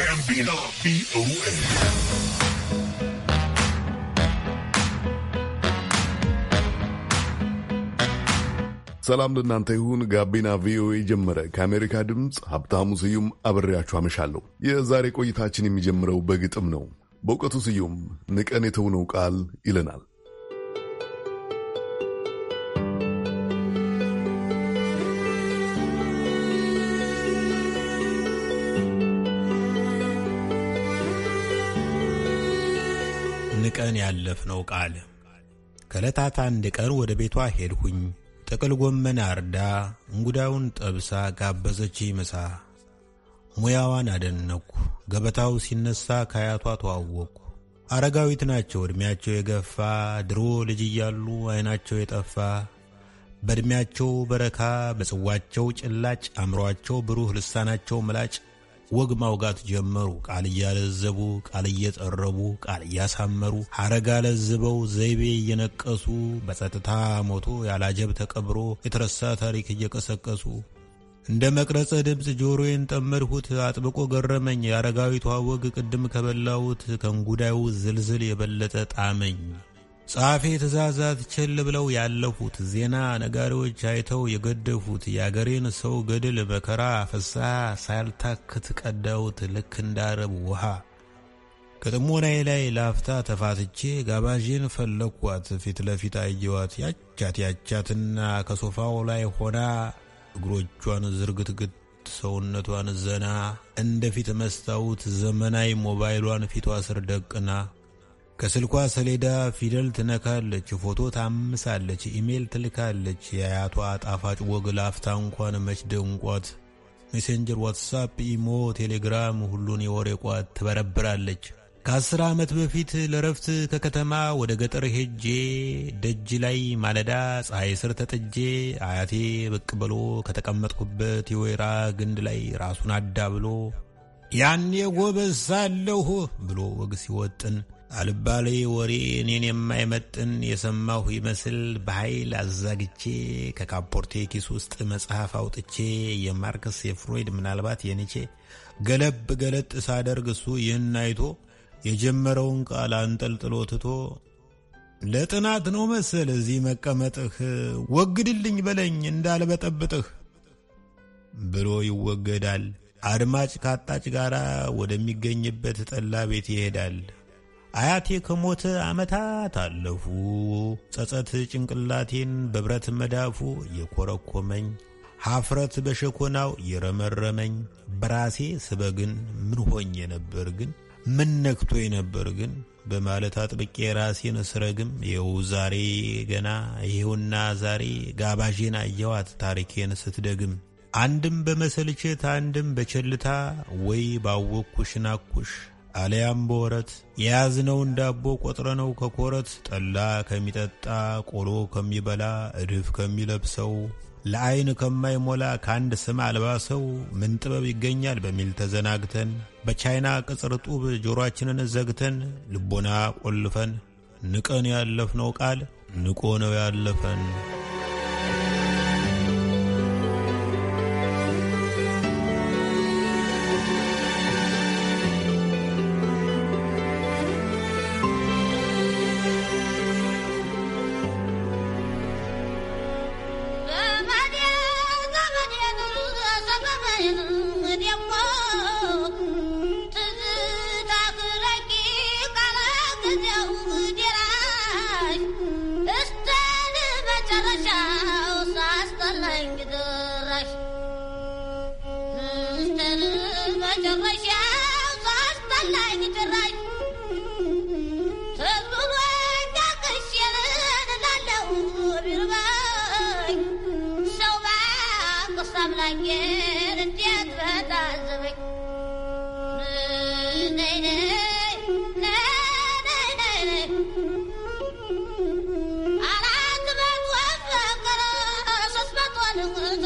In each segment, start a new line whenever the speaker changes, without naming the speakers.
ጋቢና ቪኦኤ
ሰላም ለእናንተ ይሁን። ጋቢና ቪኦኤ ጀመረ። ከአሜሪካ ድምፅ ሀብታሙ ስዩም አበሬያችሁ አመሻለሁ። የዛሬ ቆይታችን የሚጀምረው በግጥም ነው። በእውቀቱ ስዩም ንቀን የተውነው ቃል ይለናል።
ቀን ያለፍነው ቃል። ከዕለታት አንድ ቀን ወደ ቤቷ ሄድሁኝ። ጥቅል ጎመን አርዳ እንጉዳዩን ጠብሳ ጋበዘች ምሳ። ሙያዋን አደነኩ! ገበታው ሲነሳ ከአያቷ ተዋወቅኩ። አረጋዊት ናቸው ዕድሜያቸው የገፋ ድሮ ልጅ እያሉ ዐይናቸው የጠፋ በዕድሜያቸው በረካ በጽዋቸው ጭላጭ አእምሮአቸው ብሩህ ልሳናቸው ምላጭ ወግ ማውጋት ጀመሩ። ቃል እያለዘቡ፣ ቃል እየጠረቡ፣ ቃል እያሳመሩ፣ ሐረግ አለዝበው፣ ዘይቤ እየነቀሱ፣ በጸጥታ ሞቶ ያላጀብ ተቀብሮ የተረሳ ታሪክ እየቀሰቀሱ እንደ መቅረጸ ድምፅ ጆሮዬን ጠመድሁት። አጥብቆ ገረመኝ። የአረጋዊቷ ወግ ቅድም ከበላሁት ከእንጉዳዩ ዝልዝል የበለጠ ጣመኝ። ጸሐፌ ትእዛዛት ችል ብለው ያለፉት ዜና ነጋሪዎች አይተው የገደፉት የአገሬን ሰው ገድል መከራ ፍስሐ ሳልታክት ቀዳውት ልክ እንዳረብ ውሃ። ከጥሞናዬ ላይ ላፍታ ተፋትቼ ጋባጂን ፈለኳት ፊት ለፊት አየዋት ያቻት ያቻትና ከሶፋው ላይ ሆና እግሮቿን ዝርግትግት ሰውነቷን ዘና እንደፊት መስታወት ዘመናዊ ሞባይሏን ፊቷ ስር ደቅና ከስልኳ ሰሌዳ ፊደል ትነካለች፣ ፎቶ ታምሳለች፣ ኢሜል ትልካለች። የአያቷ ጣፋጭ ወግ ለአፍታ እንኳን መች ደንቋት ሜሴንጀር፣ ዋትሳፕ፣ ኢሞ፣ ቴሌግራም ሁሉን የወሬ ቋት ትበረብራለች። ከአስር ዓመት በፊት ለረፍት ከከተማ ወደ ገጠር ሄጄ ደጅ ላይ ማለዳ ፀሐይ ስር ተጥጄ አያቴ ብቅ ብሎ ከተቀመጥኩበት የወይራ ግንድ ላይ ራሱን አዳ ብሎ ያኔ ጎበዝ ሳለሁ ብሎ ወግ ሲወጥን አልባሌ ወሬ እኔን የማይመጥን የሰማሁ ይመስል በኃይል አዛግቼ ከካፖርቴ ኪስ ውስጥ መጽሐፍ አውጥቼ የማርክስ የፍሮይድ ምናልባት የንቼ ገለብ ገለጥ ሳደርግ እሱ ይህን አይቶ የጀመረውን ቃል አንጠልጥሎ ትቶ ለጥናት ነው መሰል እዚህ መቀመጥህ ወግድልኝ በለኝ እንዳልበጠብጥህ ብሎ ይወገዳል። አድማጭ ካጣጭ ጋር ወደሚገኝበት ጠላ ቤት ይሄዳል። አያቴ ከሞተ ዓመታት አለፉ። ጸጸት ጭንቅላቴን በብረት መዳፉ የኮረኮመኝ ሀፍረት በሸኮናው የረመረመኝ በራሴ ስበግን ምን ሆኜ ነበር ግን ምን ነክቶ ነበር ግን በማለት አጥብቄ ራሴን ስረግም ይኸው ዛሬ ገና ይኸውና ዛሬ ጋባዤን አየዋት ታሪኬን ስትደግም አንድም በመሰልቸት አንድም በቸልታ ወይ ባወቅኩሽ ናኩሽ አለያም በወረት የያዝነውን ዳቦ ቆጥረነው ከኮረት ጠላ ከሚጠጣ ቆሎ ከሚበላ እድፍ ከሚለብሰው ለአይን ከማይሞላ ከአንድ ስም አልባ ሰው ምን ጥበብ ይገኛል በሚል ተዘናግተን በቻይና ቅጽር ጡብ ጆሮአችንን ዘግተን ልቦና ቆልፈን ንቀን ያለፍነው ቃል ንቆ ነው ያለፈን።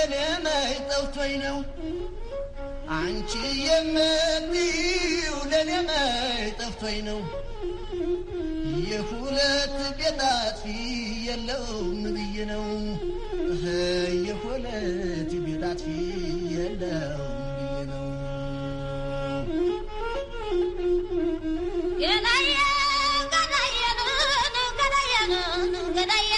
በኔና ይጠፍቶኝ ነው አንቺ የምትይው ለኔና ይጠፍቶኝ ነው የሁለት ቤት አጥፊ የለውም ብዬ ነው የሁለት ቤት አጥፊ የለውም ብዬ ነው
ገዳየን ገዳየን ገዳየን ገዳየን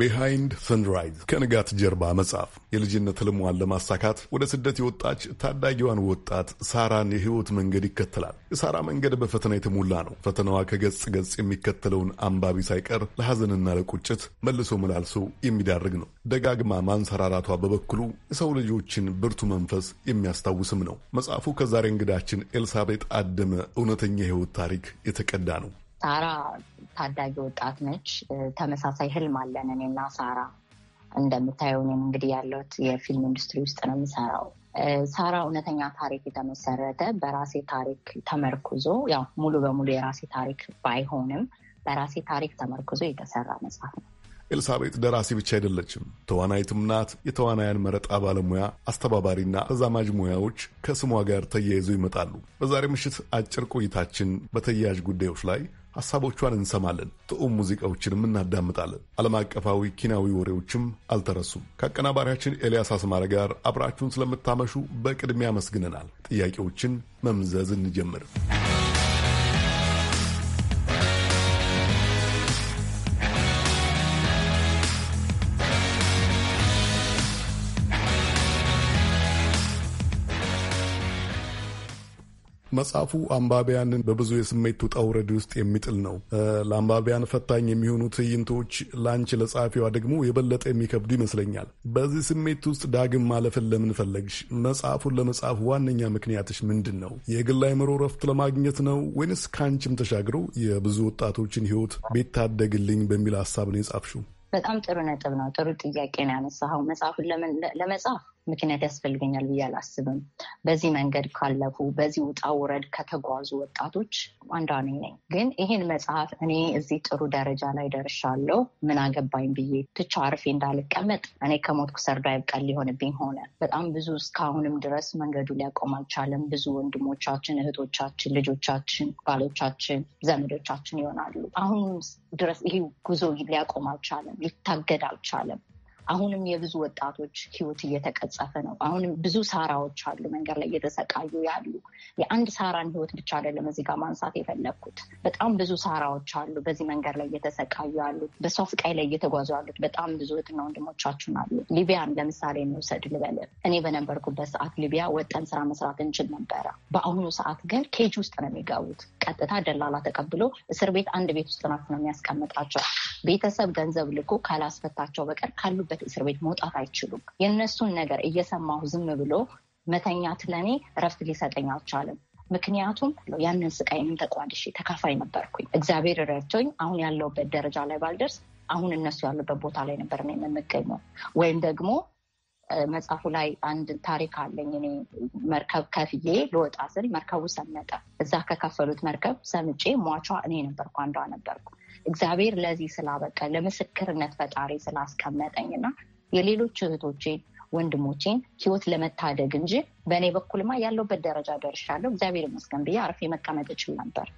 ቢሃይንድ ሰንራይዝ ከንጋት ጀርባ መጽሐፍ የልጅነት ህልሟን ለማሳካት ወደ ስደት የወጣች ታዳጊዋን ወጣት ሳራን የህይወት መንገድ ይከተላል። የሳራ መንገድ በፈተና የተሞላ ነው። ፈተናዋ ከገጽ ገጽ የሚከተለውን አንባቢ ሳይቀር ለሐዘንና ለቁጭት መልሶ መላልሶ የሚዳርግ ነው። ደጋግማ ማንሰራራቷ በበኩሉ የሰው ልጆችን ብርቱ መንፈስ የሚያስታውስም ነው። መጽሐፉ ከዛሬ እንግዳችን ኤልሳቤጥ አደመ እውነተኛ የህይወት ታሪክ የተቀዳ ነው።
ሳራ ታዳጊ ወጣት ነች። ተመሳሳይ ህልም አለን እኔና ሳራ። እንደምታየው እኔም እንግዲህ ያለሁት የፊልም ኢንዱስትሪ ውስጥ ነው የምሰራው። ሳራ እውነተኛ ታሪክ የተመሰረተ በራሴ ታሪክ ተመርኩዞ ያው ሙሉ በሙሉ የራሴ ታሪክ ባይሆንም በራሴ ታሪክ ተመርኩዞ የተሰራ መጽሐፍ ነው።
ኤልሳቤጥ ደራሲ ብቻ አይደለችም፣ ተዋናይትም ናት። የተዋናያን መረጣ ባለሙያ፣ አስተባባሪና ተዛማጅ ሙያዎች ከስሟ ጋር ተያይዘው ይመጣሉ። በዛሬ ምሽት አጭር ቆይታችን በተያያዥ ጉዳዮች ላይ ሐሳቦቿን እንሰማለን፣ ጥዑም ሙዚቃዎችንም እናዳምጣለን። ዓለም አቀፋዊ ኪናዊ ወሬዎችም አልተረሱም። ከአቀናባሪያችን ኤልያስ አስማረ ጋር አብራችሁን ስለምታመሹ በቅድሚያ አመስግነናል። ጥያቄዎችን መምዘዝ እንጀምርም። መጽሐፉ አንባቢያንን በብዙ የስሜት ውጣ ውረድ ውስጥ የሚጥል ነው። ለአንባቢያን ፈታኝ የሚሆኑ ትዕይንቶች ለአንቺ ለጸሐፊዋ ደግሞ የበለጠ የሚከብዱ ይመስለኛል። በዚህ ስሜት ውስጥ ዳግም ማለፍን ለምን ፈለግሽ? መጽሐፉን ለመጻፍ ዋነኛ ምክንያትሽ ምንድን ነው? የግል አእምሮ ረፍት ለማግኘት ነው ወይንስ ከአንቺም ተሻግሮ የብዙ ወጣቶችን ሕይወት ቤታደግልኝ
በሚል ሀሳብ ነው የጻፍሽው? በጣም ጥሩ ነጥብ ነው። ጥሩ ጥያቄ ነው ያነሳኸው። መጽሐፉን ለመጻፍ ምክንያት ያስፈልገኛል ብዬ አላስብም። በዚህ መንገድ ካለፉ፣ በዚህ ውጣ ውረድ ከተጓዙ ወጣቶች አንዷ ነኝ ግን ይህን መጽሐፍ እኔ እዚህ ጥሩ ደረጃ ላይ ደርሻለሁ ምን አገባኝ ብዬ ትቻ አርፌ እንዳልቀመጥ እኔ ከሞትኩ ሰርዶ አይብቀል ሊሆንብኝ ሆነ። በጣም ብዙ እስካሁንም ድረስ መንገዱ ሊያቆም አልቻለም። ብዙ ወንድሞቻችን፣ እህቶቻችን፣ ልጆቻችን፣ ባሎቻችን፣ ዘመዶቻችን ይሆናሉ። አሁን ድረስ ይሄ ጉዞ ሊያቆም አልቻለም፣ ሊታገድ አልቻለም። አሁንም የብዙ ወጣቶች ህይወት እየተቀጸፈ ነው። አሁንም ብዙ ሳራዎች አሉ መንገድ ላይ እየተሰቃዩ ያሉ። የአንድ ሳራን ህይወት ብቻ አይደለም እዚህ ጋር ማንሳት የፈለግኩት። በጣም ብዙ ሳራዎች አሉ በዚህ መንገድ ላይ እየተሰቃዩ ያሉ፣ በሷ ስቃይ ላይ እየተጓዙ ያሉት በጣም ብዙ እህትና ወንድሞቻችን አሉ። ሊቢያን ለምሳሌ እንውሰድ ልበል። እኔ በነበርኩበት ሰዓት ሊቢያ ወጠን ስራ መስራት እንችል ነበረ። በአሁኑ ሰዓት ግን ኬጅ ውስጥ ነው የሚገቡት። ቀጥታ ደላላ ተቀብሎ እስር ቤት አንድ ቤት ውስጥ ናት ነው የሚያስቀምጣቸው። ቤተሰብ ገንዘብ ልኮ ካላስፈታቸው በቀር ካሉበት እስር ቤት መውጣት አይችሉም። የእነሱን ነገር እየሰማሁ ዝም ብሎ መተኛት ለእኔ እረፍት ሊሰጠኝ አልቻለም። ምክንያቱም ያንን ስቃይንም ተቋድሼ ተካፋይ ነበርኩኝ። እግዚአብሔር ረድቶኝ አሁን ያለውበት ደረጃ ላይ ባልደርስ አሁን እነሱ ያሉበት ቦታ ላይ ነበር የምንገኘው ወይም ደግሞ መጽሐፉ ላይ አንድ ታሪክ አለኝ። እኔ መርከብ ከፍዬ ልወጣ ስል መርከቡ ሰመጠ። እዛ ከከፈሉት መርከብ ሰምጬ ሟቿ እኔ ነበርኩ፣ አንዷ ነበርኩ። እግዚአብሔር ለዚህ ስላበቀ ለምስክርነት ፈጣሪ ስላስቀመጠኝ እና የሌሎች እህቶቼን ወንድሞቼን ህይወት ለመታደግ እንጂ በእኔ በኩልማ ያለውበት ደረጃ ደርሻለሁ እግዚአብሔር ይመስገን ብዬ አርፌ መቀመጥ እችል ነበር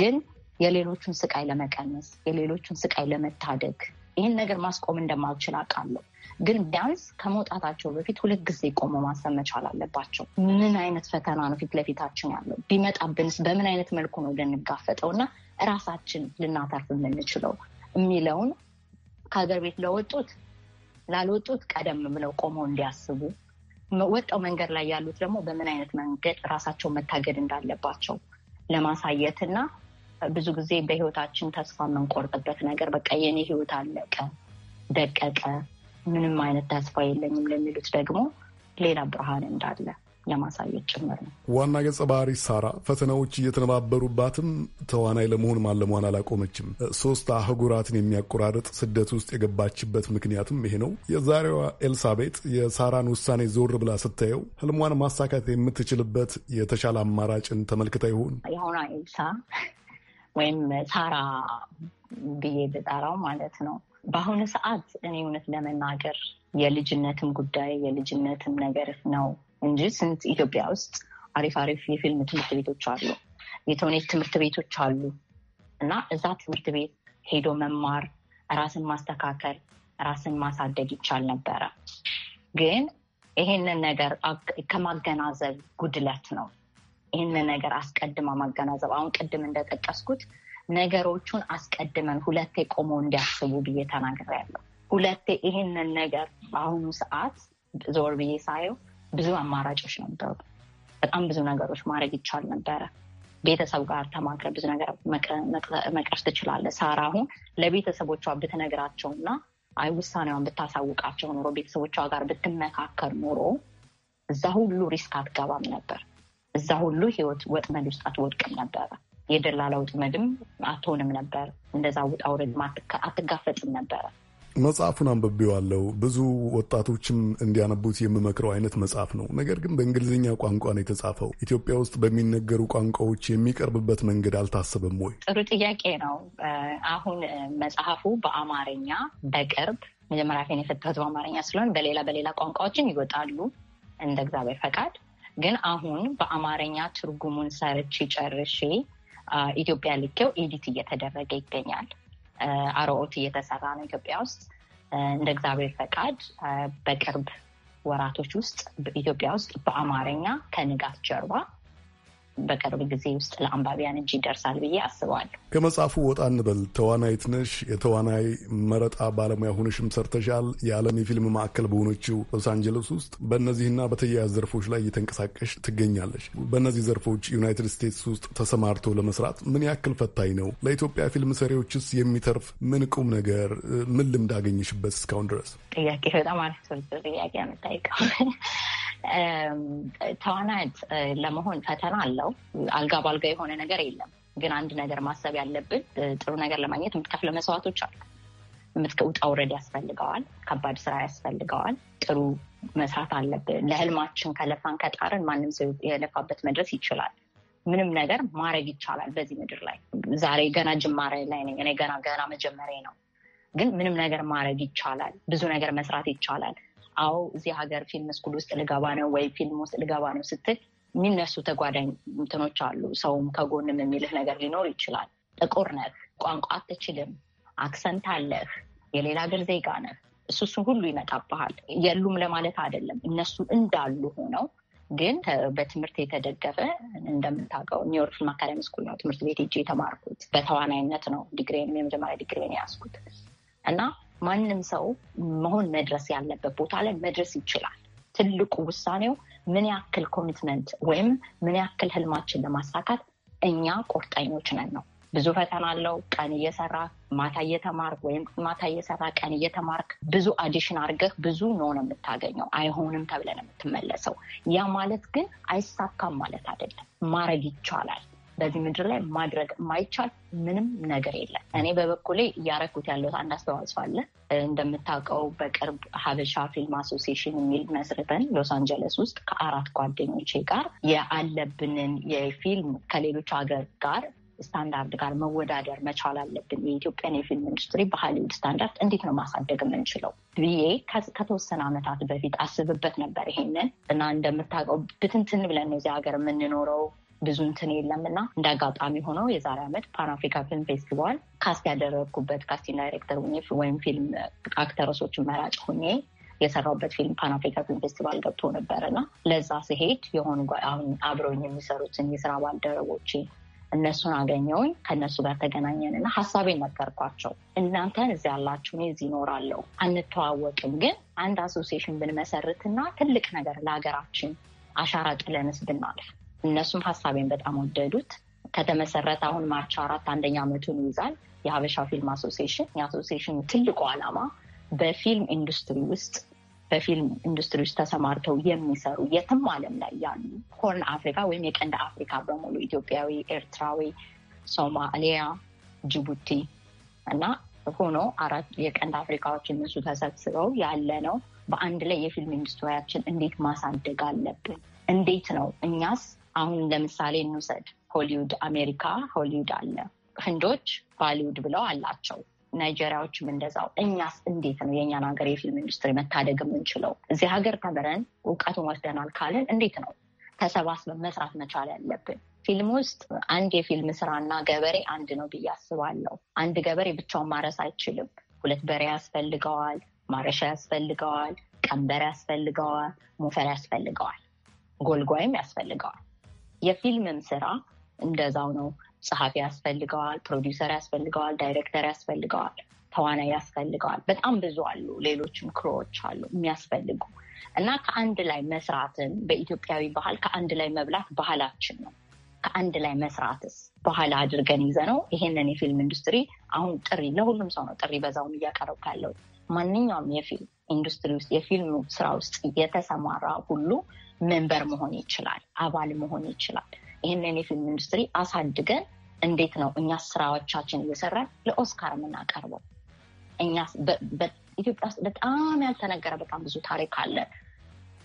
ግን የሌሎቹን ስቃይ ለመቀነስ የሌሎቹን ስቃይ ለመታደግ ይህን ነገር ማስቆም እንደማልችል አውቃለሁ። ግን ቢያንስ ከመውጣታቸው በፊት ሁለት ጊዜ ቆመ ማሰብ መቻል አለባቸው። ምን አይነት ፈተና ነው ፊት ለፊታችን ያለው? ቢመጣብንስ በምን አይነት መልኩ ነው ልንጋፈጠው እና እራሳችን ልናተርፍ የምንችለው የሚለውን ከሀገር ቤት ለወጡት ላልወጡት ቀደም ብለው ቆመው እንዲያስቡ፣ ወጣው መንገድ ላይ ያሉት ደግሞ በምን አይነት መንገድ ራሳቸው መታገድ እንዳለባቸው ለማሳየት እና ብዙ ጊዜ በህይወታችን ተስፋ የምንቆርጥበት ነገር በቃ የኔ ህይወት አለቀ፣ ደቀቀ፣ ምንም አይነት ተስፋ የለኝም ለሚሉት ደግሞ ሌላ ብርሃን እንዳለ ለማሳየት ጭምር ነው።
ዋና ገጸ ባህሪ ሳራ ፈተናዎች እየተነባበሩባትም ተዋናይ ለመሆን ማለሟን አላቆመችም። ሶስት አህጉራትን የሚያቆራርጥ ስደት ውስጥ የገባችበት ምክንያትም ይሄ ነው። የዛሬዋ ኤልሳቤጥ የሳራን ውሳኔ ዞር ብላ ስታየው ህልሟን ማሳካት የምትችልበት የተሻለ አማራጭን ተመልክታ ይሆን?
የሆኗ ኤልሳ ወይም ሳራ ብዬ ብጠራው ማለት ነው። በአሁኑ ሰዓት እኔ እውነት ለመናገር የልጅነትም ጉዳይ የልጅነትም ነገር ነው እንጂ ስንት ኢትዮጵያ ውስጥ አሪፍ አሪፍ የፊልም ትምህርት ቤቶች አሉ፣ የተውኔት ትምህርት ቤቶች አሉ እና እዛ ትምህርት ቤት ሄዶ መማር ራስን ማስተካከል ራስን ማሳደግ ይቻል ነበረ። ግን ይሄንን ነገር ከማገናዘብ ጉድለት ነው ይህንን ነገር አስቀድማ ማገናዘብ አሁን ቅድም እንደጠቀስኩት ነገሮቹን አስቀድመን ሁለቴ ቆመው እንዲያስቡ ብዬ ተናግሬያለሁ። ሁለቴ ይህንን ነገር በአሁኑ ሰዓት ዞር ብዬ ሳየው ብዙ አማራጮች ነበሩ። በጣም ብዙ ነገሮች ማድረግ ይቻል ነበረ። ቤተሰብ ጋር ተማክረ ብዙ ነገር መቅረፍ ትችላለ። ሳራ አሁን ለቤተሰቦቿ ብትነግራቸው እና አይ ውሳኔዋን ብታሳውቃቸው ኖሮ ቤተሰቦቿ ጋር ብትመካከር ኖሮ እዛ ሁሉ ሪስክ አትገባም ነበር። እዛ ሁሉ ህይወት ወጥመድ ውስጥ አትወድቅም ነበረ። የደላላ ወጥመድም አትሆንም ነበር። እንደዛ ውጣ ውረድ አትጋፈጥም ነበረ።
መጽሐፉን አንብቤዋለሁ። ብዙ ወጣቶችም እንዲያነቡት የምመክረው አይነት መጽሐፍ ነው። ነገር ግን በእንግሊዝኛ ቋንቋ ነው የተጻፈው። ኢትዮጵያ ውስጥ በሚነገሩ ቋንቋዎች የሚቀርብበት መንገድ አልታሰበም ወይ?
ጥሩ ጥያቄ ነው። አሁን መጽሐፉ በአማርኛ በቅርብ መጀመሪያ ፌን የፈታሁት በአማርኛ ስለሆን በሌላ በሌላ ቋንቋዎችን ይወጣሉ እንደ እግዚአብሔር ፈቃድ ግን አሁን በአማርኛ ትርጉሙን ሰርቼ ጨርሼ ኢትዮጵያ ልኬው ኤዲት እየተደረገ ይገኛል። አርኦት እየተሰራ ነው ኢትዮጵያ ውስጥ። እንደ እግዚአብሔር ፈቃድ በቅርብ ወራቶች ውስጥ ኢትዮጵያ ውስጥ በአማርኛ ከንጋት ጀርባ በቅርብ ጊዜ ውስጥ ለአንባቢያን እጅ ይደርሳል ብዬ አስባለሁ።
ከመጽሐፉ ወጣ እንበል። ተዋናይት ነሽ፣ የተዋናይ መረጣ ባለሙያ ሆነሽም ሰርተሻል። የዓለም የፊልም ማዕከል በሆነችው ሎስ አንጀለስ ውስጥ በእነዚህና በተያያዝ ዘርፎች ላይ እየተንቀሳቀሽ ትገኛለች። በእነዚህ ዘርፎች ዩናይትድ ስቴትስ ውስጥ ተሰማርቶ ለመስራት ምን ያክል ፈታኝ ነው? ለኢትዮጵያ ፊልም ሰሪዎችስ የሚተርፍ ምን ቁም ነገር፣ ምን ልምድ አገኘሽበት እስካሁን ድረስ?
ጥያቄ በጣም አሪፍ ጥያቄ ነው። ተዋናይት ለመሆን ፈተና አለው ነው። አልጋ በአልጋ የሆነ ነገር የለም። ግን አንድ ነገር ማሰብ ያለብን ጥሩ ነገር ለማግኘት የምትከፍለው መስዋዕቶች አሉ። ውጣ ውረድ ያስፈልገዋል። ከባድ ስራ ያስፈልገዋል። ጥሩ መስራት አለብን። ለህልማችን ከለፋን ከጣርን ማንም ሰው የለፋበት መድረስ ይችላል። ምንም ነገር ማድረግ ይቻላል በዚህ ምድር ላይ። ዛሬ ገና ጅማሬ ላይ ነኝ እኔ ገና ገና መጀመሪያ ነው። ግን ምንም ነገር ማድረግ ይቻላል። ብዙ ነገር መስራት ይቻላል። አዎ እዚህ ሀገር ፊልም ስኩል ውስጥ ልገባ ነው ወይ ፊልም ውስጥ ልገባ ነው ስትል የሚነሱ ተጓዳኝ እንትኖች አሉ። ሰውም ከጎንም የሚልህ ነገር ሊኖር ይችላል። ጥቁር ነህ፣ ቋንቋ አትችልም፣ አክሰንት አለህ፣ የሌላ ሀገር ዜጋ ነህ። እሱ እሱ ሁሉ ይመጣብሃል። የሉም ለማለት አይደለም። እነሱ እንዳሉ ሆነው ግን በትምህርት የተደገፈ እንደምታውቀው ኒውዮርክ አካዳሚ ስኩል ነው ትምህርት ቤት እጅ የተማርኩት። በተዋናይነት ነው ዲግሬን የመጀመሪያ ዲግሬን ያስኩት እና ማንም ሰው መሆን መድረስ ያለበት ቦታ ላይ መድረስ ይችላል። ትልቁ ውሳኔው ምን ያክል ኮሚትመንት ወይም ምን ያክል ህልማችን ለማሳካት እኛ ቁርጠኞች ነን ነው። ብዙ ፈተና አለው። ቀን እየሰራ ማታ እየተማርክ ወይም ማታ እየሰራ ቀን እየተማርክ ብዙ አዲሽን አርገህ ብዙ ነው ነው የምታገኘው። አይሆንም ተብለን የምትመለሰው ያ ማለት ግን አይሳካም ማለት አይደለም። ማድረግ ይቻላል። በዚህ ምድር ላይ ማድረግ የማይቻል ምንም ነገር የለም። እኔ በበኩሌ እያረኩት ያለሁት አንድ አስተዋጽኦ አለ። እንደምታውቀው በቅርብ ሀበሻ ፊልም አሶሲሽን የሚል መስርተን ሎስ አንጀለስ ውስጥ ከአራት ጓደኞቼ ጋር የአለብንን የፊልም ከሌሎች ሀገር ጋር ስታንዳርድ ጋር መወዳደር መቻል አለብን። የኢትዮጵያን የፊልም ኢንዱስትሪ በሀሊውድ ስታንዳርድ እንዴት ነው ማሳደግ የምንችለው ብዬ ከተወሰነ ዓመታት በፊት አስብበት ነበር ይሄንን እና እንደምታውቀው ብትንትን ብለን ነው እዚህ ሀገር የምንኖረው። ብዙ እንትን የለም እና እንደ አጋጣሚ ሆነው የዛሬ ዓመት ፓን አፍሪካ ፊልም ፌስቲቫል ካስት ያደረግኩበት ካስቲንግ ዳይሬክተር ሆኜ ወይም ፊልም አክተረሶች መራጭ ሆኜ የሰራሁበት ፊልም ፓን አፍሪካ ፊልም ፌስቲቫል ገብቶ ነበር እና ለዛ ስሄድ የሆኑ አሁን አብረውኝ የሚሰሩትን የስራ ባልደረቦች እነሱን አገኘውኝ ከእነሱ ጋር ተገናኘን እና ሀሳቤን ነገርኳቸው። እናንተን እዚህ ያላችሁ እኔ እዚህ እኖራለሁ፣ አንተዋወቅም፣ ግን አንድ አሶሲሽን ብንመሰርትና ትልቅ ነገር ለሀገራችን አሻራ ጥለንስ ብናልፍ እነሱም ሀሳቤን በጣም ወደዱት። ከተመሰረተ አሁን ማርች አራት አንደኛ ዓመቱን ይይዛል። የሀበሻ ፊልም አሶሲሽን የአሶሲሽኑ ትልቁ ዓላማ በፊልም ኢንዱስትሪ ውስጥ በፊልም ኢንዱስትሪ ውስጥ ተሰማርተው የሚሰሩ የትም ዓለም ላይ ያሉ ሆርን አፍሪካ ወይም የቀንድ አፍሪካ በሙሉ ኢትዮጵያዊ፣ ኤርትራዊ፣ ሶማሊያ፣ ጅቡቲ እና ሆኖ አራት የቀንድ አፍሪካዎች እነሱ ተሰብስበው ያለ ነው። በአንድ ላይ የፊልም ኢንዱስትሪያችን እንዴት ማሳደግ አለብን? እንዴት ነው እኛስ አሁን ለምሳሌ እንውሰድ ሆሊውድ አሜሪካ ሆሊውድ አለ። ህንዶች ባሊውድ ብለው አላቸው። ናይጄሪያዎችም እንደዛው። እኛስ እንዴት ነው የእኛን ሀገር የፊልም ኢንዱስትሪ መታደግ የምንችለው? እዚህ ሀገር ተምረን እውቀቱን ወስደናል ካለን እንዴት ነው ተሰባስበን መስራት መቻል ያለብን? ፊልም ውስጥ አንድ የፊልም ስራና ገበሬ አንድ ነው ብዬ አስባለሁ። አንድ ገበሬ ብቻውን ማረስ አይችልም። ሁለት በሬ ያስፈልገዋል፣ ማረሻ ያስፈልገዋል፣ ቀንበር ያስፈልገዋል፣ ሞፈር ያስፈልገዋል፣ ጎልጓይም ያስፈልገዋል። የፊልምም ስራ እንደዛው ነው። ጸሐፊ ያስፈልገዋል፣ ፕሮዲውሰር ያስፈልገዋል፣ ዳይሬክተር ያስፈልገዋል፣ ተዋናይ ያስፈልገዋል። በጣም ብዙ አሉ፣ ሌሎችም ክሮዎች አሉ የሚያስፈልጉ እና ከአንድ ላይ መስራትን በኢትዮጵያዊ ባህል ከአንድ ላይ መብላት ባህላችን ነው። ከአንድ ላይ መስራትስ ባህል አድርገን ይዘ ነው ይሄንን የፊልም ኢንዱስትሪ አሁን ጥሪ ለሁሉም ሰው ነው ጥሪ በዛውም እያቀረብ ካለው ማንኛውም የፊልም ኢንዱስትሪ ውስጥ የፊልም ስራ ውስጥ የተሰማራ ሁሉ መንበር መሆን ይችላል፣ አባል መሆን ይችላል። ይህንን የፊልም ኢንዱስትሪ አሳድገን እንዴት ነው እኛ ስራዎቻችን እየሰራን ለኦስካር የምናቀርበው? እኛ ኢትዮጵያ ውስጥ በጣም ያልተነገረ በጣም ብዙ ታሪክ አለ።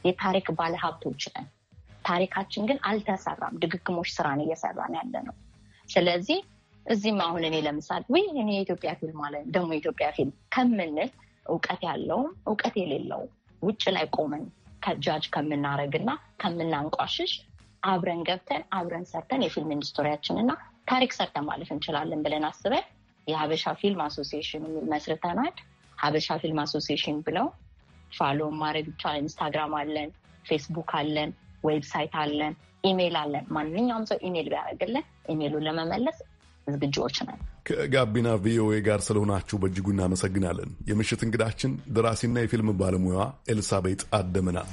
የታሪክ ባለሀብቶች ነን። ታሪካችን ግን አልተሰራም። ድግግሞች ስራን እየሰራን ያለ ነው። ስለዚህ እዚህም አሁን እኔ ለምሳሌ ወይ እኔ የኢትዮጵያ ፊልም አለ ደግሞ የኢትዮጵያ ፊልም ከምንል እውቀት ያለውም እውቀት የሌለውም ውጭ ላይ ቆመን ከጃጅ ከምናረግና ከምናንቋሽሽ አብረን ገብተን አብረን ሰርተን የፊልም ኢንዱስትሪያችንና ታሪክ ሰርተን ማለፍ እንችላለን ብለን አስበን የሀበሻ ፊልም አሶሲሽን የሚል መስርተናል። ሀበሻ ፊልም አሶሲሽን ብለው ፋሎ ማድረግ ይቻላል። ኢንስታግራም አለን፣ ፌስቡክ አለን፣ ዌብሳይት አለን፣ ኢሜይል አለን። ማንኛውም ሰው ኢሜይል ቢያደርግልን ኢሜይሉን ለመመለስ ዝግጅዎች ነን።
ከጋቢና ቪኦኤ ጋር ስለሆናችሁ በእጅጉ እናመሰግናለን። የምሽት እንግዳችን ደራሲና የፊልም ባለሙያዋ ኤልሳቤጥ አደመናል።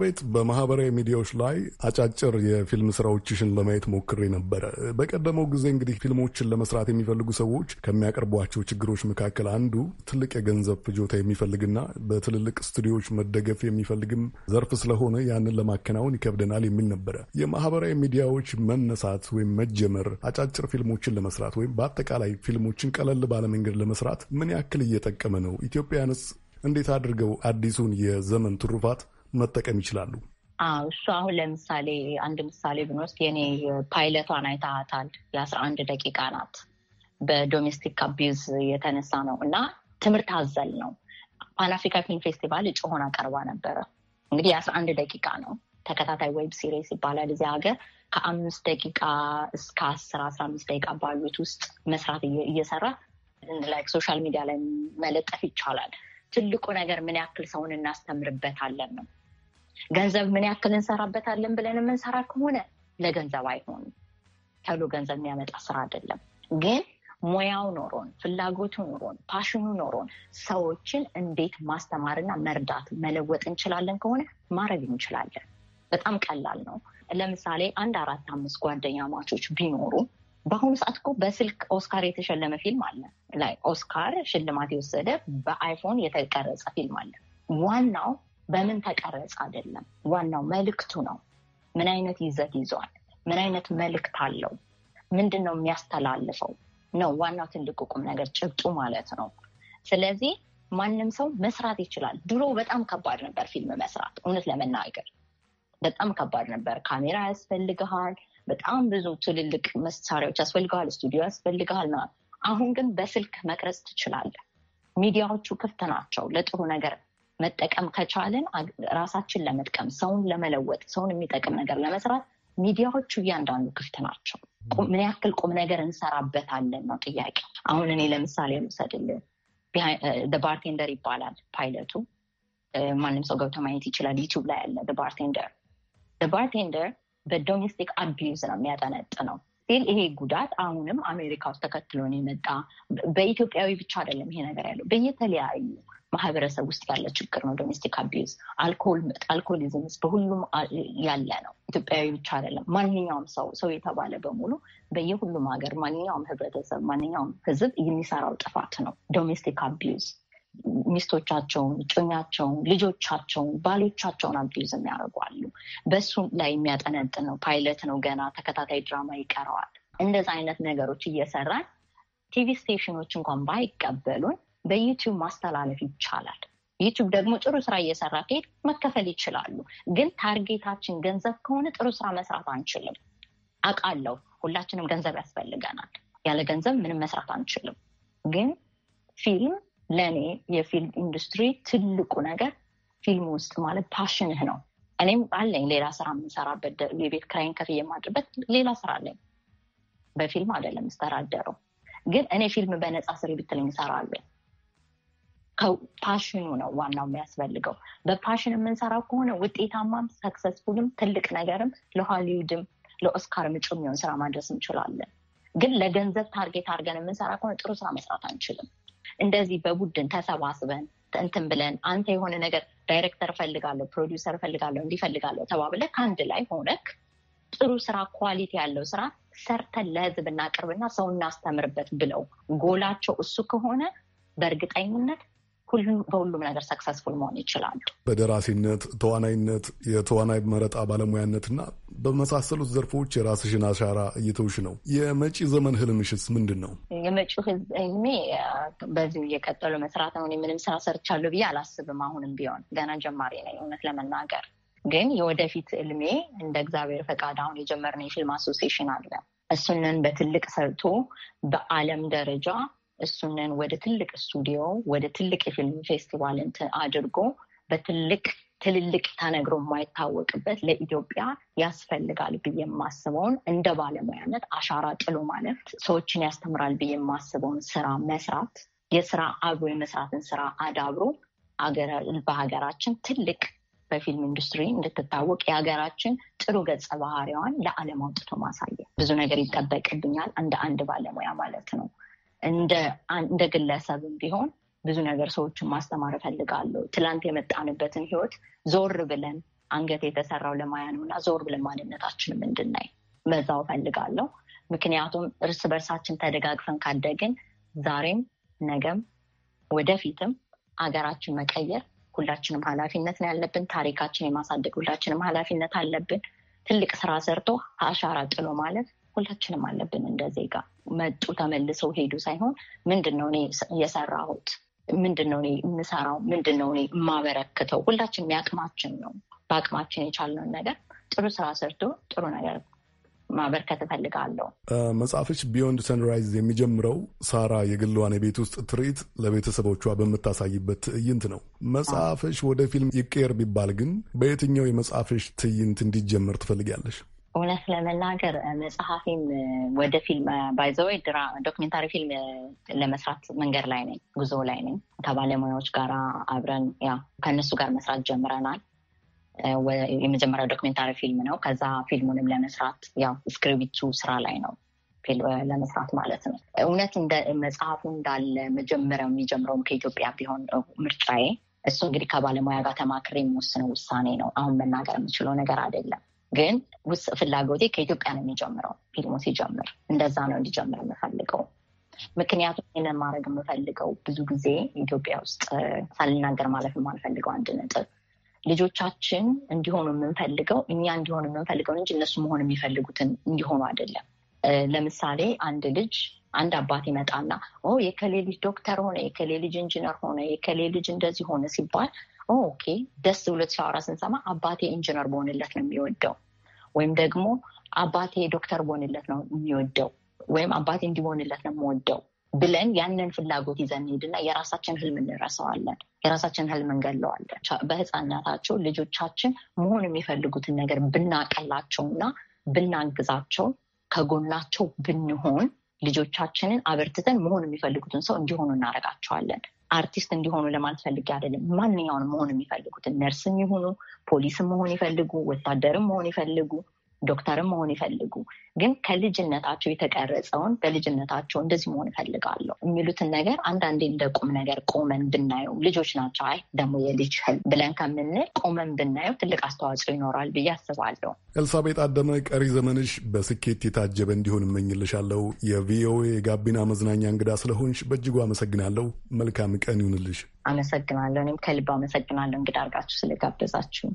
ቤት በማህበራዊ ሚዲያዎች ላይ አጫጭር የፊልም ስራዎችሽን ለማየት ሞክሬ ነበረ። በቀደመው ጊዜ እንግዲህ ፊልሞችን ለመስራት የሚፈልጉ ሰዎች ከሚያቀርቧቸው ችግሮች መካከል አንዱ ትልቅ የገንዘብ ፍጆታ የሚፈልግና በትልልቅ ስቱዲዮዎች መደገፍ የሚፈልግም ዘርፍ ስለሆነ ያንን ለማከናወን ይከብደናል የሚል ነበረ። የማህበራዊ ሚዲያዎች መነሳት ወይም መጀመር አጫጭር ፊልሞችን ለመስራት ወይም በአጠቃላይ ፊልሞችን ቀለል ባለ መንገድ ለመስራት ምን ያክል እየጠቀመ ነው? ኢትዮጵያንስ እንዴት አድርገው አዲሱን የዘመን ትሩፋት መጠቀም ይችላሉ?
እሱ አሁን ለምሳሌ አንድ ምሳሌ ብንወስድ የኔ ፓይለቷን አይታታል። የአስራ አንድ ደቂቃ ናት። በዶሜስቲክ አቢዩዝ የተነሳ ነው እና ትምህርት አዘል ነው። ፓን አፍሪካ ፊልም ፌስቲቫል እጩ ሆና ቀርባ ነበረ። እንግዲህ የአስራ አንድ ደቂቃ ነው ተከታታይ ዌብ ሲሪስ ይባላል እዚህ ሀገር ከአምስት ደቂቃ እስከ አስር አስራ አምስት ደቂቃ ባሉት ውስጥ መስራት እየሰራ ላይክ ሶሻል ሚዲያ ላይ መለጠፍ ይቻላል። ትልቁ ነገር ምን ያክል ሰውን እናስተምርበታለን ነው ገንዘብ ምን ያክል እንሰራበታለን ብለን የምንሰራ ከሆነ ለገንዘብ አይሆንም። ተብሎ ገንዘብ የሚያመጣ ስራ አይደለም። ግን ሙያው ኖሮን፣ ፍላጎቱ ኖሮን፣ ፓሽኑ ኖሮን ሰዎችን እንዴት ማስተማርና መርዳት መለወጥ እንችላለን ከሆነ ማድረግ እንችላለን። በጣም ቀላል ነው። ለምሳሌ አንድ አራት አምስት ጓደኛ ማቾች ቢኖሩ በአሁኑ ሰዓት እኮ በስልክ ኦስካር የተሸለመ ፊልም አለ። ላይ ኦስካር ሽልማት የወሰደ በአይፎን የተቀረጸ ፊልም አለ። ዋናው በምን ተቀረጽ አይደለም። ዋናው መልእክቱ ነው። ምን አይነት ይዘት ይዟል? ምን አይነት መልእክት አለው? ምንድን ነው የሚያስተላልፈው? ነው ዋናው ትልቁ ቁም ነገር ጭብጡ ማለት ነው። ስለዚህ ማንም ሰው መስራት ይችላል። ድሮ በጣም ከባድ ነበር ፊልም መስራት፣ እውነት ለመናገር በጣም ከባድ ነበር። ካሜራ ያስፈልግሃል፣ በጣም ብዙ ትልልቅ መሳሪያዎች ያስፈልግሃል፣ ስቱዲዮ ያስፈልግሃል አሁን ግን በስልክ መቅረጽ ትችላለህ። ሚዲያዎቹ ክፍት ናቸው ለጥሩ ነገር መጠቀም ከቻልን ራሳችን ለመጥቀም ሰውን ለመለወጥ ሰውን የሚጠቅም ነገር ለመስራት ሚዲያዎቹ እያንዳንዱ ክፍት ናቸው። ምን ያክል ቁም ነገር እንሰራበታለን ነው ጥያቄ። አሁን እኔ ለምሳሌ ልውሰድልህ፣ ባርቴንደር ይባላል ፓይለቱ። ማንም ሰው ገብቶ ማየት ይችላል። ዩቲዩብ ላይ ያለ ባርቴንደር። ባርቴንደር በዶሜስቲክ አቢዩዝ ነው የሚያጠነጥነው። ግን ይሄ ጉዳት አሁንም አሜሪካ ውስጥ ተከትሎን የመጣ በኢትዮጵያዊ ብቻ አይደለም። ይሄ ነገር ያለው በየተለያዩ ማህበረሰብ ውስጥ ያለ ችግር ነው። ዶሜስቲክ አቢዩዝ አልኮሊዝም በሁሉም ያለ ነው። ኢትዮጵያዊ ብቻ አይደለም። ማንኛውም ሰው ሰው የተባለ በሙሉ በየሁሉም ሀገር፣ ማንኛውም ህብረተሰብ፣ ማንኛውም ህዝብ የሚሰራው ጥፋት ነው ዶሜስቲክ አቢዩዝ ሚስቶቻቸውን፣ እጮኛቸውን፣ ልጆቻቸውን፣ ባሎቻቸውን አቢዩዝ የሚያደርጓሉ። በሱ ላይ የሚያጠነጥን ነው። ፓይለት ነው ገና ተከታታይ ድራማ ይቀረዋል። እንደዛ አይነት ነገሮች እየሰራን ቲቪ ስቴሽኖች እንኳን ባይቀበሉን በዩቲዩብ ማስተላለፍ ይቻላል። ዩቲዩብ ደግሞ ጥሩ ስራ እየሰራ ከሄድ መከፈል ይችላሉ። ግን ታርጌታችን ገንዘብ ከሆነ ጥሩ ስራ መስራት አንችልም። አውቃለሁ፣ ሁላችንም ገንዘብ ያስፈልገናል። ያለ ገንዘብ ምንም መስራት አንችልም። ግን ፊልም ለእኔ የፊልም ኢንዱስትሪ ትልቁ ነገር ፊልም ውስጥ ማለት ፓሽንህ ነው። እኔም አለኝ ሌላ ስራ የምንሰራበት የቤት ክራይን ከፍዬ የማድርበት ሌላ ስራ አለኝ። በፊልም አይደለም የምስተዳደረው፣ ግን እኔ ፊልም በነፃ ስር ብትለኝ እሰራለሁ። ፓሽኑ ነው ዋናው የሚያስፈልገው። በፓሽን የምንሰራው ከሆነ ውጤታማም፣ ሰክሰስፉልም፣ ትልቅ ነገርም ለሆሊውድም ለኦስካርም እጩ የሚሆን ስራ ማድረስ እንችላለን። ግን ለገንዘብ ታርጌት አድርገን የምንሰራ ከሆነ ጥሩ ስራ መስራት አንችልም። እንደዚህ በቡድን ተሰባስበን እንትን ብለን አንተ የሆነ ነገር ዳይሬክተር እፈልጋለሁ፣ ፕሮዲውሰር እፈልጋለሁ፣ እንዲፈልጋለሁ ተባብለ ከአንድ ላይ ሆነክ ጥሩ ስራ ኳሊቲ ያለው ስራ ሰርተን ለህዝብ እናቅርብና ሰው እናስተምርበት ብለው ጎላቸው እሱ ከሆነ በእርግጠኝነት ሁሉም በሁሉም ነገር ሰክሰስፉል መሆን ይችላሉ።
በደራሲነት፣ ተዋናይነት፣ የተዋናይ መረጣ ባለሙያነትና በመሳሰሉት ዘርፎች የራስሽን አሻራ እየተውሽ ነው። የመጪ
ዘመን ህልምሽስ ምንድን ነው? የመጪው ህልሜ በዚሁ እየቀጠሉ መስራት ነው። ምንም ስራ ሰርቻለሁ ብዬ አላስብም። አሁንም ቢሆን ገና ጀማሪ ነኝ እውነት ለመናገር ግን የወደፊት እልሜ እንደ እግዚአብሔር ፈቃድ አሁን የጀመርነው የፊልም አሶሴሽን አለ። እሱንን በትልቅ ሰርቶ በዓለም ደረጃ እሱንን ወደ ትልቅ ስቱዲዮ ወደ ትልቅ የፊልም ፌስቲቫል አድርጎ በትልቅ ትልልቅ ተነግሮ የማይታወቅበት ለኢትዮጵያ ያስፈልጋል ብዬ የማስበውን እንደ ባለሙያነት አሻራ ጥሎ ማለት ሰዎችን ያስተምራል ብዬ የማስበውን ስራ መስራት የስራ አብሮ የመስራትን ስራ አዳብሮ በሀገራችን ትልቅ በፊልም ኢንዱስትሪ እንድትታወቅ የሀገራችን ጥሩ ገጸ ባህሪዋን ለዓለም አውጥቶ ማሳየ ብዙ ነገር ይጠበቅብኛል እንደ አንድ ባለሙያ ማለት ነው። እንደ ግለሰብም ቢሆን ብዙ ነገር ሰዎችን ማስተማር እፈልጋለሁ። ትላንት የመጣንበትን ህይወት ዞር ብለን አንገት የተሰራው ለማያ ነው እና ዞር ብለን ማንነታችን ምንድናይ መዛው እፈልጋለሁ። ምክንያቱም እርስ በርሳችን ተደጋግፈን ካደግን ዛሬም፣ ነገም፣ ወደፊትም አገራችን መቀየር ሁላችንም ኃላፊነት ነው ያለብን። ታሪካችን የማሳደግ ሁላችንም ኃላፊነት አለብን። ትልቅ ስራ ሰርቶ አሻራ ጥሎ ማለት ሁላችንም አለብን እንደ ዜጋ መጡ ተመልሰው ሄዱ ሳይሆን ምንድን ነው እኔ የሰራሁት ምንድን ነው እኔ የምሰራው ምንድን ነው እኔ የማበረክተው ሁላችንም የሚያቅማችን ነው በአቅማችን የቻልነውን ነገር ጥሩ ስራ ሰርቶ ጥሩ ነገር ማበርከት እፈልጋለሁ።
መጽሐፍሽ ቢዮንድ ሰንራይዝ የሚጀምረው ሳራ የግሏን የቤት ውስጥ ትርኢት ለቤተሰቦቿ በምታሳይበት ትዕይንት ነው። መጽሐፍሽ ወደ ፊልም ይቀየር ቢባል ግን በየትኛው የመጽሐፍሽ ትዕይንት እንዲጀምር ትፈልጊያለሽ?
እውነት ለመናገር መጽሐፊም ወደ ፊልም ባይዘወይ ድራ ዶክሜንታሪ ፊልም ለመስራት መንገድ ላይ ነኝ፣ ጉዞ ላይ ነኝ። ከባለሙያዎች ጋር አብረን ያ ከእነሱ ጋር መስራት ጀምረናል። የመጀመሪያው ዶክሜንታሪ ፊልም ነው። ከዛ ፊልሙንም ለመስራት ያው እስክሪቢቹ ስራ ላይ ነው ለመስራት ማለት ነው። እውነት መጽሐፉ እንዳለ መጀመሪያው የሚጀምረውም ከኢትዮጵያ ቢሆን ምርጫዬ እሱ እንግዲህ ከባለሙያ ጋር ተማክሬ የሚወስነው ውሳኔ ነው። አሁን መናገር የምችለው ነገር አይደለም። ግን ውስጥ ፍላጎቴ ከኢትዮጵያ ነው የሚጀምረው። ፊልሙ ሲጀምር እንደዛ ነው እንዲጀምር የምፈልገው። ምክንያቱም ይህንን ማድረግ የምፈልገው ብዙ ጊዜ ኢትዮጵያ ውስጥ ሳልናገር ማለፍ የማንፈልገው አንድ ነጥብ ልጆቻችን እንዲሆኑ የምንፈልገው እኛ እንዲሆኑ የምንፈልገው እንጂ እነሱ መሆን የሚፈልጉትን እንዲሆኑ አይደለም። ለምሳሌ አንድ ልጅ አንድ አባት ይመጣና የከሌ ልጅ ዶክተር ሆነ፣ የከሌ ልጅ ኢንጂነር ሆነ፣ የከሌ ልጅ እንደዚህ ሆነ ሲባል ኦኬ ደስ ብሎት ሲያወራ ስንሰማ አባቴ ኢንጂነር በሆንለት ነው የሚወደው ወይም ደግሞ አባቴ ዶክተር በሆንለት ነው የሚወደው ወይም አባቴ እንዲሆንለት ነው የምወደው ብለን ያንን ፍላጎት ይዘን ሄድና የራሳችን ህልም እንረሳዋለን። የራሳችን ህልም እንገለዋለን። በህፃናታቸው ልጆቻችን መሆን የሚፈልጉትን ነገር ብናቀላቸውና ብናግዛቸው፣ ከጎናቸው ብንሆን ልጆቻችንን አበርትተን መሆን የሚፈልጉትን ሰው እንዲሆኑ እናደርጋቸዋለን። አርቲስት እንዲሆኑ ለማንፈልግ አይደለም። ማንኛውን መሆን የሚፈልጉትን ነርስም ይሁኑ ፖሊስም መሆን ይፈልጉ፣ ወታደርም መሆን ይፈልጉ ዶክተርም መሆን ይፈልጉ ግን ከልጅነታቸው የተቀረጸውን በልጅነታቸው እንደዚህ መሆን ይፈልጋለሁ የሚሉትን ነገር አንዳንዴ እንደ ቁም ነገር ቆመን ብናየው ልጆች ናቸው፣ አይ ደግሞ የልጅ ህልም ብለን ከምንል ቆመን ብናየው ትልቅ አስተዋጽኦ ይኖራል ብዬ አስባለሁ።
ኤልሳቤጥ አደመ፣ ቀሪ ዘመንሽ በስኬት የታጀበ እንዲሆን እመኝልሻለሁ። የቪኦኤ የጋቢና መዝናኛ እንግዳ ስለሆንሽ በእጅጉ አመሰግናለሁ። መልካም ቀን ይሁንልሽ።
አመሰግናለሁ። እኔም ከልብ አመሰግናለሁ እንግዳ አድርጋችሁ ስለጋበዛችሁ።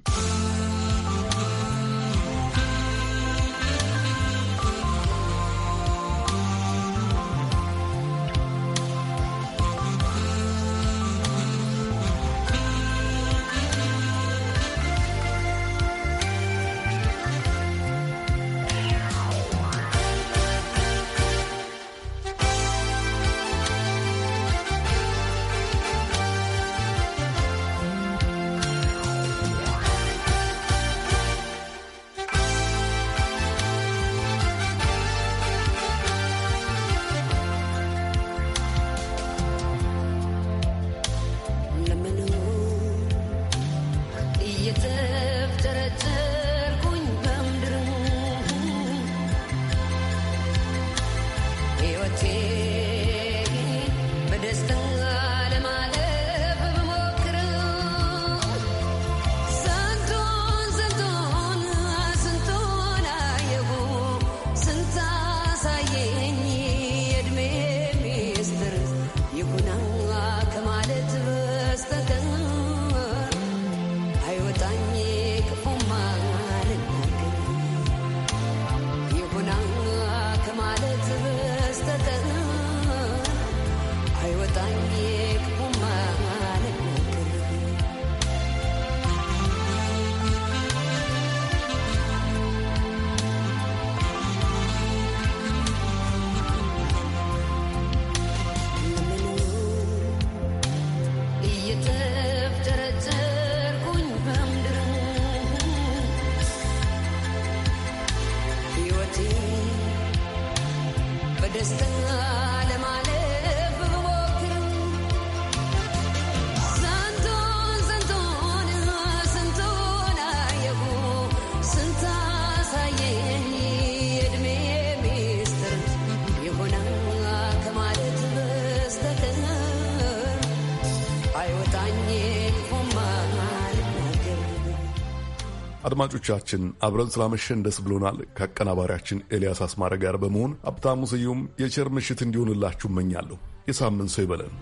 አድማጮቻችን አብረን ስላመሸን ደስ ብሎናል። ከአቀናባሪያችን ኤልያስ አስማረ ጋር በመሆን ሀብታሙ ስዩም የቸር ምሽት እንዲሆንላችሁ እመኛለሁ። የሳምንት ሰው ይበለን።